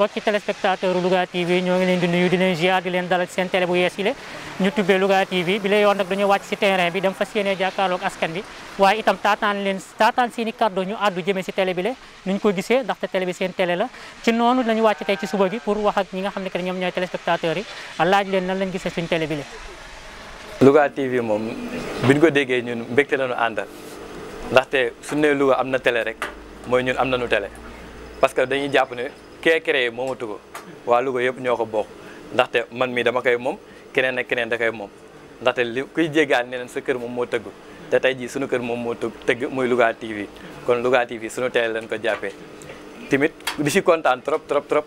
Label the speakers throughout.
Speaker 1: mbokki téléspectateur Louga TV ñoo ngi leen di nuyu di leen ziar di leen dalal seen télé bu yees yi le ñu tuddee Louga TV bi yoon nag dañoo wàcc si terrain bi dem fas yéene jàkkaarloog askan bi waaye itam taataan leen taataan seen i kàddu ñu àddu jëmee si télé bi le nuñ ko gisee ndaxte télé bi seen télé la ci noonu lañu wàcc tey ci suba gi pour wax ak ñi nga xam ne que ñoom ñooy téléspectateurs yi laaj leen nan lañ gisee suñ télé bi le
Speaker 2: Louga TV moom biñ ko déggee ñun mbégte lañu àndal ndaxte suñ ne Louga am na télé rek mooy ñun am nañu télé parce que dañuy jàpp ne kee créé moomatu ko waa Louga yëpp ñoo ko bokk ndaxte man mii dama koy moom keneen ak keneen da koy moom ndaxte li kuy jéggaan neneen sa kër moom moo tëgg te tey jii sunu kër moom moo tëgg muy Louga TV kon Louga TV sunu télé lañ ko jàppee tamit di si kontaan trop trop trop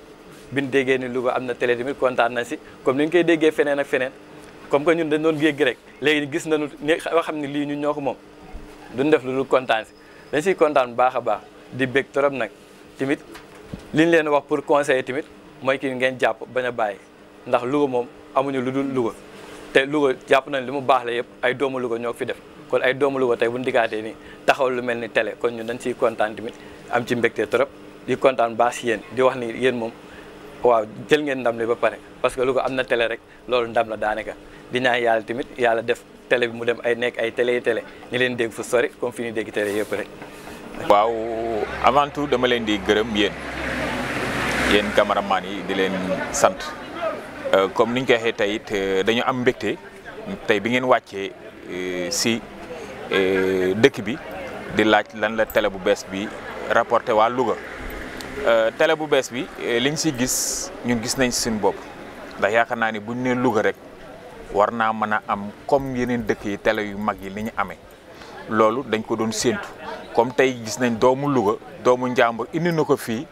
Speaker 2: biñ déggee ni Louga am na tele tamit kontaan nañ si comme ni ñu koy déggee feneen ak feneen comme que ñun dañ doon yégg rek léegi gis nañu ni xam ne lii ñu ñoo ko moom duñ def lu lu kontaan si dañ si kontaan bu baax a baax di bég trop nag tamit li ñu leen wax pour conseiller tamit mooy kii ngeen jàpp bañ baay bàyyi ndax Louga moom amuñu lu dul Louga te Louga jàpp nañ li mu baax la yëpp ay doomu Louga ñoo fi def kon ay doomu Louga tey bu ñu diggaatee nii taxaw lu mel ni télé kon ñu dañ ciy kontaan tamit am ci mbégte trop di kontaan baas si yéen di wax nii yéen moom waaw jël ngeen ndam li ba pare parce que Louga am na télé rek loolu ndam la daanaka di ñaan yàlla tamit yàlla def télé bi mu dem ay nekk ay télé yi télé ñu leen dégg fu sori comme dégg télé yëpp rek. waaw dama leen di gërëm yéen. yéen
Speaker 3: maan yi di leen sant euh, comme niñ ko waxee tey it euh, dañu am mbégte tey bi ngeen wàccee euh, si dëkk bi di laaj lan la télé bu bees bi rapporté waa Louga télé bu bees bi liñ si gis ñun gis nañ suñu bopp ndax yaakaar naa ni buñ nee Louga rek war naa mën a am comme yeneen dëkk yi tele yu mag yi li ñu amee loolu dañ ko doon séentu comme tey gis nañ doomu Louga doomu njàmbur indi na ko fii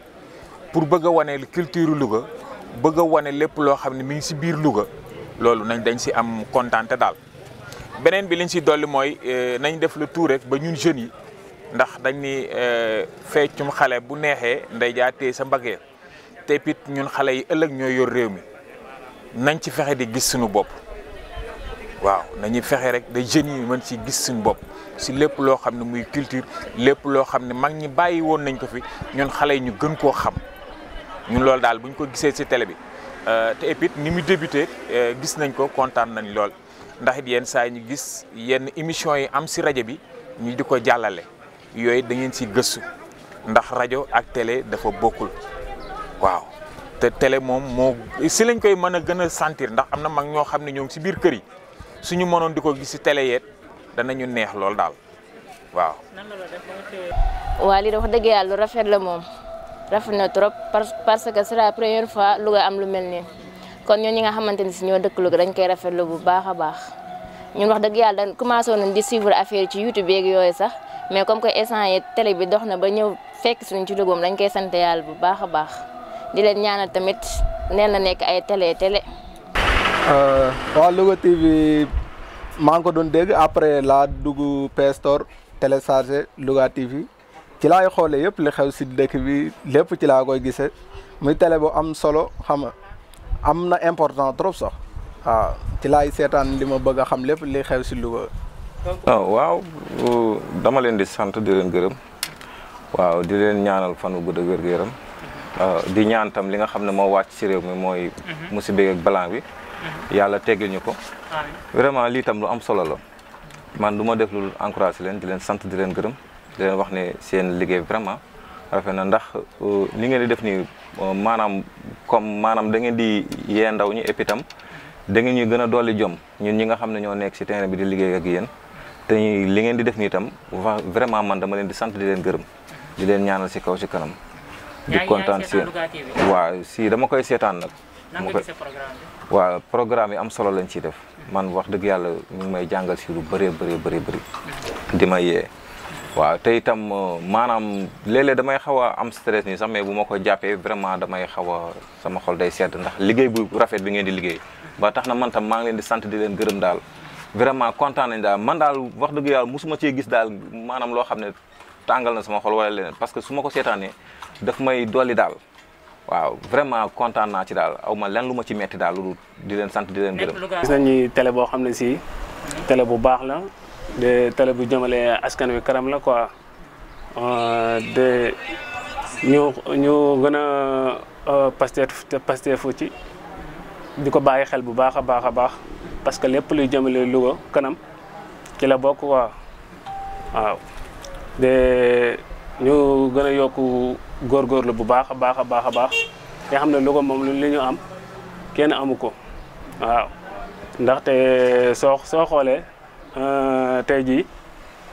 Speaker 3: pour bëgg a wane culture Louga bëgg wane lépp loo xam ne mi ngi si biir Louga loolu nañ dañ si am kontante daal beneen bi liñ si dolli mooy euh, nañ def le tout rek ba ñun jeunes yi ndax dañ ni euh, feccum xale bu neexee nday sa mbagee te it ñun xale yi ëllëg ñooy yor réew mi nañ ci fexe di gis suñu bopp waaw nañuy fexe rek da jeunes yi mën si gis suñu bopp si lépp loo xam ne muy culture lépp loo xam ne mag ñi bàyyi woon nañ ko fi ñun xale yi ñu gën koo xam ñun loolu daal bu ñu ko gisee ci télé bi euh, te et puis ni mu débuté euh, gis nañ ko kontaan nañ lool ndax it yenn saa yi ñu gis yenn émission yi am si rajo bi ñu di ko jàllale yooyu da ngeen ci gëstu ndax rajo ak télé dafa bokkul waaw te télé moom moo si lañ koy mën a gën a sentir ndax am na mag ñoo xam ne ñoo si biir kër yi su ñu mënoon di ko gis ci télé yeet ñu neex lool daal waaw. nan
Speaker 4: dafa dëgg yàlla rafet la moom. rafet na trop parce que c'est la première fois lu am lu melni kon ñoo ñi nga xamanteni ci ñoo dekk lu dañ koy rafetlu bu baaxa baax ñun wax dëgg yàlla commencé nañ di suivre affaire ci YouTube ak yoy sax mais comme que instant yi télé bi doxna ba ñew fekk suñu ci Louga dañ koy sante yalla bu baaxa baax di leen ñaanal tamit nee na nekk ay télé télé.
Speaker 5: euh wa Louga TV maa ko doon deg après la dugu Play Store téléchargé Louga TV. ci laay xoolee yëpp li xew si dëkk bi lépp ci laa koy gisee muy télé am solo xam nga am na important trop sax waaw ci lay seetaan li ma bëgg a xam lépp li xew si Louga.
Speaker 6: Ah, waaw dama leen di sant di leen gërëm waaw di leen ñaanal fan wu gudd ak wér gu ah, di ñaan tam li nga xam ne moo wàcc si réew mi mooy. Mhm. musiba ak bi. Mhm. yàlla teggil ñu ko. vraiment lii tam lu am solo la. man du ma def lu encouragé leen di leen sant di leen gërëm. di wax ne seen liggéey vraiment rafet na ndax euh, li ngeen di def nii euh, maanaam comme maanaam da ngeen di yee ndaw ñi et itam dangeen da ngeen ñuy gën a dolli jom ñun ñi nga xam ne ñoo nekk si terrain bi di liggéey ak yéen te li ngeen di def nii itam vraiment man dama leen di sant di leen gërëm di leen ñaanal ci kaw ci kanam.
Speaker 2: kontaan si waaw
Speaker 6: si dama koy seetaan nag. nan nga programme waaw programme yi am solo lañ ciy def. man wax dëgg yàlla ñu ngi may jàngal si lu bëree bëri bëri bëri. di may yee. waaw te itam euh, maanaam léeg damay xaw a am stress nii sax mais bu ma ko jàppee vraiment damay xaw a sama xol day sedd ndax liggéey bu rafet bi ngeen di liggéey ba tax na man tam maa ngi leen di sant di leen gërëm daal vraiment kontaan nañ daal man daal wax dëgg yàlla mosuma cee gis daal maanaam loo xam ne tàngal na sama xol wala leneen parce que su ma ko seetaanee daf may dolli daal waaw vraiment kontaan naa ci daal aw ma lenn lu ma ci metti daal lu di leen sant di leen gërëm. gis nañ ni télé boo xam ne
Speaker 7: si télé bu baax la. de télé bu jëmale askan wi kanam la quoi euh, de ñu ñu gën a euh, Pastef te Pastefu ci di ko bàyyi xel bu baax a baax a baax parce que lépp luy jëmale Louga kanam ci la bokk quoi waaw de ñu gën a yokku góorgóorlu bu baax a baax a baax a baax te xam ne Louga moom li ñu am kenn amu ko waaw ndaxte soo soo xoolee Euh, tey jii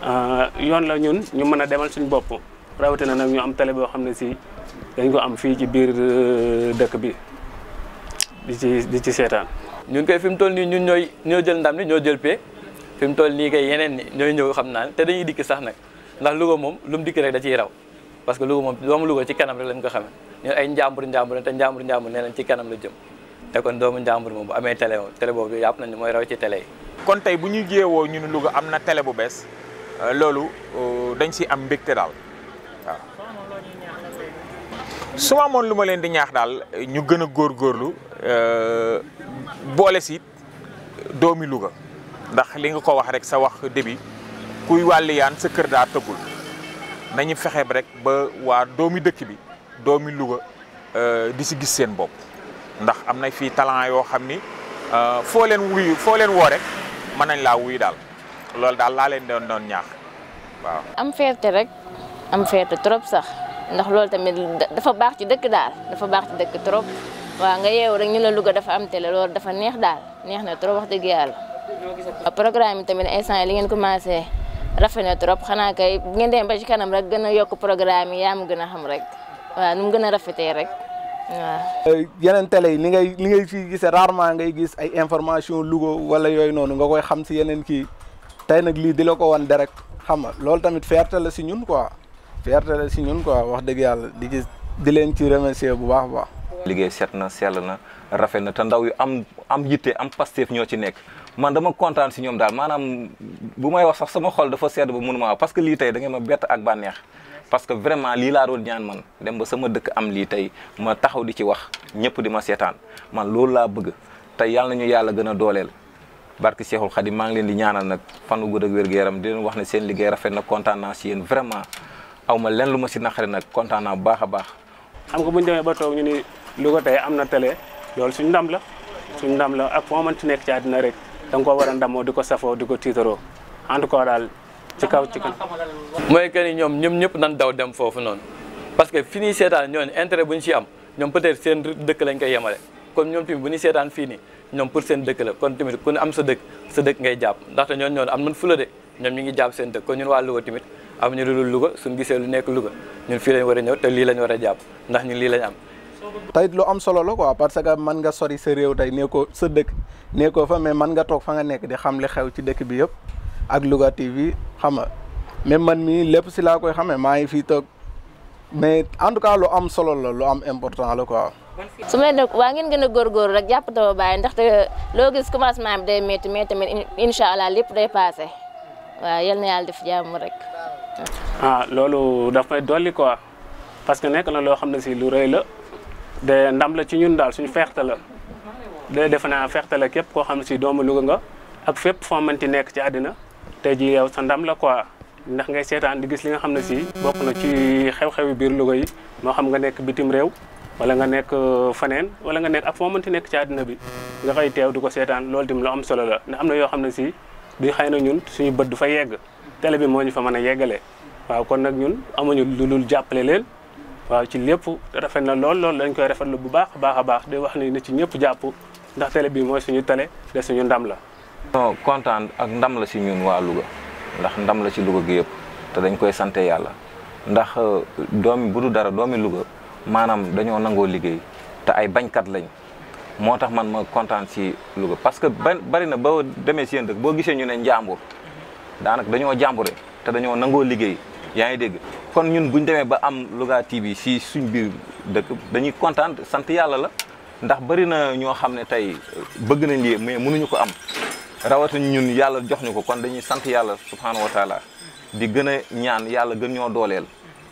Speaker 7: euh, yoon la ñun ñu mën a demal suñu bopp rawatina nag ñu am télé boo xam ne si dañ ko am fii ci biir euh,
Speaker 2: dëkk bi di ci di ci seetaan. ñun koy fi mu toll nii ñun ñooy ñoo jël ndam ni ñoo jël pee fi mu toll nii kay yeneen ni ñooy ñëw xam naa te dañuy dikk sax nag ndax Louga moom lu mu dikk rek da ci raw parce que Louga moom doomu Louga ci kanam rek lañ ko xamee ñun ay njàmbur njàmbur te njàmbur njàmbur nee nañ ci kanam la jëm te kon doomu njàmbur moom bu amee télé télé boobu yàpp nañu mooy raw ci kon tay buñu jéwo jéewoo ñu ne bes lalu, télé bu bess euh, lolu euh, dañ si am
Speaker 3: mbékté dal suma mon luma leen di ñaax dal ñu gor gorlu euh boole si doomi Louga ndax li nga ko wax rek sa wax début kuy yaan sa kër da teggul nañu fexé rek ba wa doomi dëkk bi doomi euh di ci gis seen bop ndax amna fi talent yo xamni euh fo leen wuy fo leen wo rek. mën nañ laa wuy daal loolu daal laa leen doon doon ñaax waaw.
Speaker 4: am fierté rek am fierté trop sax ndax loolu tamit dafa baax ci dëkk daal dafa baax ci dëkk trop waaw nga yeewu rek ñu ne Louga dafa am télé lool dafa neex daal neex na trop wax dëgg yàlla. programme yi tamit instant li ngeen commencé rafet na trop xanaa kay bu ngeen demee ba ci kanam rek gën a yokk programme yi yaa mu gën a xam rek waa nu gën a rafetee rek.
Speaker 5: Eh, yeneen télé yi li ngay li ngay fii gisee rarement ngay gis ay information Louga wala yooyu noonu nga koy xam si yeneen kii tey nag lii di la ko wan direct xam nga loolu tamit fierté la si ñun quoi fierté la si ñun quoi wax dëgg yàlla di gis di leen ci remercier bu baax a baax.
Speaker 6: liggéey set na sell na rafet na te ndaw yu am am yitte am Pastef ñoo ci nekk man dama kontaan si ñoom daal maanaam bu may wax sax sama xol dafa sedd ba mënuma parce que lii tey da ma bett ak bànneex parce que vraiment lii laa doon ñaan man dem ba sama dëkk am lii tey ma taxaw di ci wax ñëpp di ma seetaan man loolu laa bëgg tey yàlla nañu yàlla gën a dooleel. barke Cheikhul Khadim maa ngi leen di ñaanal nag fan wu gudd ak wér-gu-yaram di wax na seen liggéey rafet na kontaan naa si yéen vraiment aw ma lenn lu ma si naqari nag kontaan bu baax a baax.
Speaker 7: xam nga bu ñu demee ba toog ñu ni Louga tey am na tele loolu suñu ndam la suñ ndam la ak foo mënti nekk ci àddina rek da koo war a ndamoo di ko safoo di ko tiitaroo ci kaw ci kaw
Speaker 2: mooy que ñoom ñoom ñëpp nan daw dem foofu noonu parce que fi ñuy seetaan ñooñu intérêt bu ñu si am ñoom peut-être seen dëkk lañ koy yemale kon ñoom tamit bu ñuy seetaan fii nii ñoom pour seen dëkk la kon tamit am sa dëkk sa dëkk jàpp ndaxte ñoon ñoon am nañ fula de ñoom ñu ngi jàpp seen dëkk kon ñun waa Louga tamit am ñu lu dul Louga gisee lu nekk Louga ñun fii lañ war a ñëw te lii lañ war a jàpp ndax ñun lii lañ am
Speaker 5: tayit lu am solo la ko parce que man nga sori sa réew tey nee ko sa dëkk nee ko fa mais mën nga toog fa nga nekk di xam li xew ci dëkk bi yëpp ak Louga TV xam nga même man mii lépp si laa koy xamee maa ngi fii toog mais en tout cas lu am solo la loo am important la quoi.
Speaker 4: su ma leen waa ngeen gën a góorgóorlu rek jàpp te ba bàyyi ndaxte loo gis day métti mais tamit incha allah lépp day passé waaw yal na yàlla def jàmm rek.
Speaker 7: ah loolu daf dolli quoi parce que nekk na loo xam ne si lu rëy la de ndam la ci ñun daal suñu feexte la de defe naa feexte la képp koo xam ne si doomu Louga nga ak fépp foo mënti nekk ci àddina. tey jii yow sa ndam la quoi ndax ngay seetaan di gis li nga xam ne si bokk na ci xew-xewi biir Louga yi moo xam nga nekk bitim réew wala nga nekk euh, faneen wala nga nekk a foo mënti nekk ci àddina bi nga koy teew du ko seetaan loolu dim lu am solo la ndax am na yoo xam ne si bi xëy na ñun suñu bët du fa yegg télé bi moo ñu fa mën a yeggalee waaw kon nag ñun amuñu lu dul jàppale leen waaw ci lépp rafet na lool lool dañ koy rafetlu bu baax a baax a baax di wax ni ci ñëpp jàpp ndax télé bi mooy suñu télé de suñu ndam la non
Speaker 6: kontaan ak ndam la si ñun waa Louga ndax ndam la si Louga gi yëpp te dañ koy sante yàlla ndax euh, doomi bu du dara doomi Louga maanaam dañoo nangoo liggéey te ay bañkat lañ moo tax man ma kontaan si Louga parce que bari na boo demee si yéen dëkk boo gisee ñu ne njàmbur daanaka dañoo jàmbure te dañoo nangoo liggéey yaa ngi dégg kon ñun buñ demee ba am Louga TV si suñ biir dëkk dañuy kontaan sant yàlla la ndax bari na ñoo xam ne tey bëgg nañ lii mais mënuñu ko am rawatuñu ñun yàlla jox ñu ko kon dañuy sant yàlla subhaanahu wa taala di gën a ñaan yàlla gën ñoo dooleel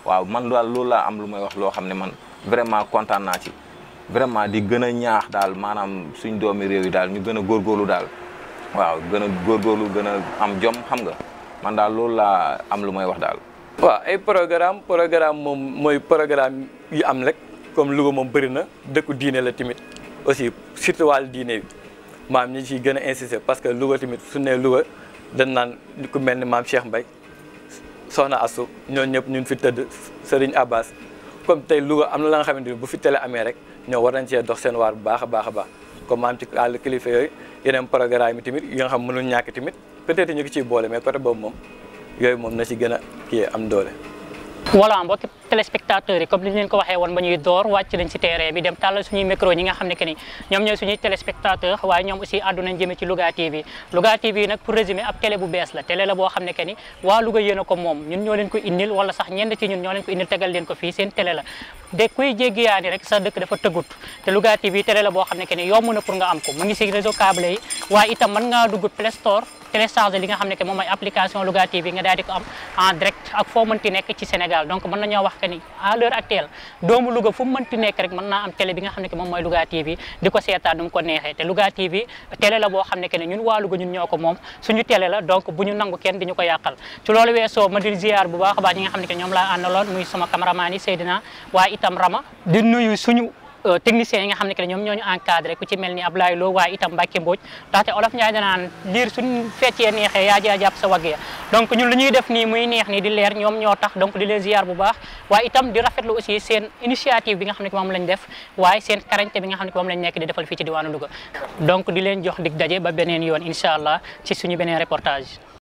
Speaker 6: waaw man daal loolu laa am lu may wax loo xam ne man vraiment kontaan naa ci vraiment di gën a ñaax daal maanaam suñ doomi réew daal ñu gën a góorgóorlu daal waaw gën a góorgóorlu gën a am jom xam nga man daal loolu laa am lu may wax daal waaw ay
Speaker 2: programme programme moom mooy programme yu am rek comme Louga moom bëri na dëkku diine la tamit aussi surtout wàllu diine bi maam ñi ciy gën a insister parce que Louga tamit su nee Louga dañ naan ku mel ni maam Cheikh Mbaye Soxna Astou ñooñu ñëpp ñun fi tëdd Serigne Abbas comme tey Louga am na la nga xamante ni bu fi télé amee rek ñoo war nañ cee dox seen waar bu baax a baax a baax comme maam ci àll kilifa yooyu yeneen programme yi tamit yi nga xam mënul ñàkk tamit peut-être ñu ngi ciy boole mais côté boobu moom yooyu moom na ci gën a kii am doole.
Speaker 1: téléspectateurs yi comme ni ko waxee woon ba ñuy door wàcc nañ ci terrain bi dem tàllal suñuy micro ñi nga xam ne que ni ñoom ñooy suñuy téléspectateurs waaye ñoom aussi àddunañ jëme ci Louga TV nag pour résumer ab télé bu bees la télé la boo xam ne que ni waa Louga yéen ko moom ñun ñoo leen ko indil sax ñun ñoo leen ko tegal leen ko fii seen télé la de kuy jéggiyaani rek sa dëkk dafa tëggut te Louga TV télé la boo xam ne que ni yomb na pour nga am ko que ni à l'heure actuelle doomu Louga fu ti nekk rek mën naa am télé bi nga xam ne moom mooy TV di ko seetaan nu ko neexee te Louga TV télé la boo xam ne que ne ñun waa Louga ñun ñoo ko moom suñu télé la donc bu ñu nangu kenn diñu ko yàqal ci loolu weesoo ma di ziar bu baax a baax ñi nga xam ne que ñoom laa àndaloon muy sama cameraman yi Seydina waa itam Rama di nuyu suñu techniciens yi nga xam ne que ñoom ñoo ñu encadré ku ci mel ni Ablaye Lo waaye itam Mbacke Mbodj ndaxte olof Ndiaye danaan liir suñ feccee neexee yaa jaa jàpp sa wagg ya donc ñun lu ñuy def nii muy neex nii di leer ñoom ñoo tax donc di leen ziar bu baax waaye itam di rafetlu aussi seen initiative bi nga xam ne que moom lañ def waaye seen karante bi nga xam ne que moom lañ nekk di defal fii ci diwaanu Louga donc di leen jox dig daje ba beneen yoon incha allah ci suñu beneen reportage